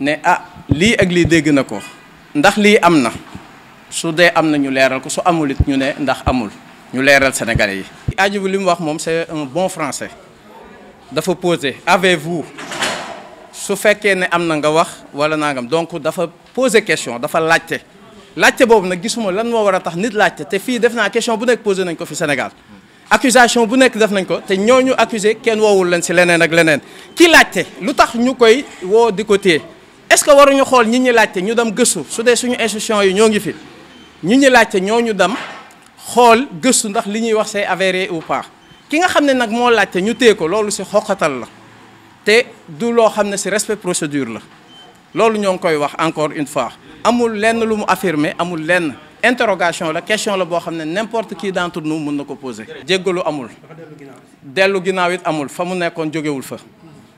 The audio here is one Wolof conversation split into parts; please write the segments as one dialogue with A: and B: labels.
A: ne ah li ak li dégg na ko ndax lii am na su dee am na ñu leeral ko su amul it ñu ne ndax amul ñu leeral Sénégalais yi. aju bi li mu wax moom c'est un bon français dafa poser avez-vous su fekkee ne am na nga wax wala nangam donc dafa poser question dafa laajte laajte boobu nag gisuma lan moo war a tax nit laajte te fii def naa question bu nekk posé nañ ko fi Sénégal. accusation bu nekk def nañ ko te ñooñu accusé kenn woowul leen si leneen ak leneen ki laajte lu tax ñu koy woo di ko téye est-ce que waruñu xool ñi ñi nous ñu su dé suñu institution yi ñoo fi ñi ñi ñoo ñu ndax wax c'est avéré ou pas ki nga xamné nak mo ñu téé ko lolu ci xoxatal la té du lo xamné respect procédure la lolu ñong koy wax encore une fois amul lenn lu mu affirmer amul lenn interrogation la question la bo xamné n'importe qui d'entre nous mën n'y poser amul que it amul famu que fa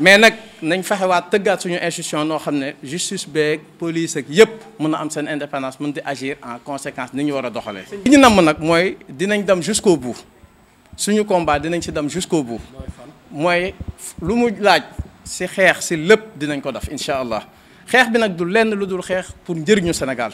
A: mais nag nañ fexewaat tëggaat suñu institution noo xam ne justice beeg police ak yëpp mën a am seen indépendance mën agir en conséquence ni ñu war a doxalee. li ñu namm nag mooy dinañ dem jusqu'au bout suñu combat dinañ ci dem jusqu'au bout mooy lu mu laaj si xeex si lépp dinañ ko def incha allah xeex bi nag du lenn lu dul xeex pour njëriñu Sénégal.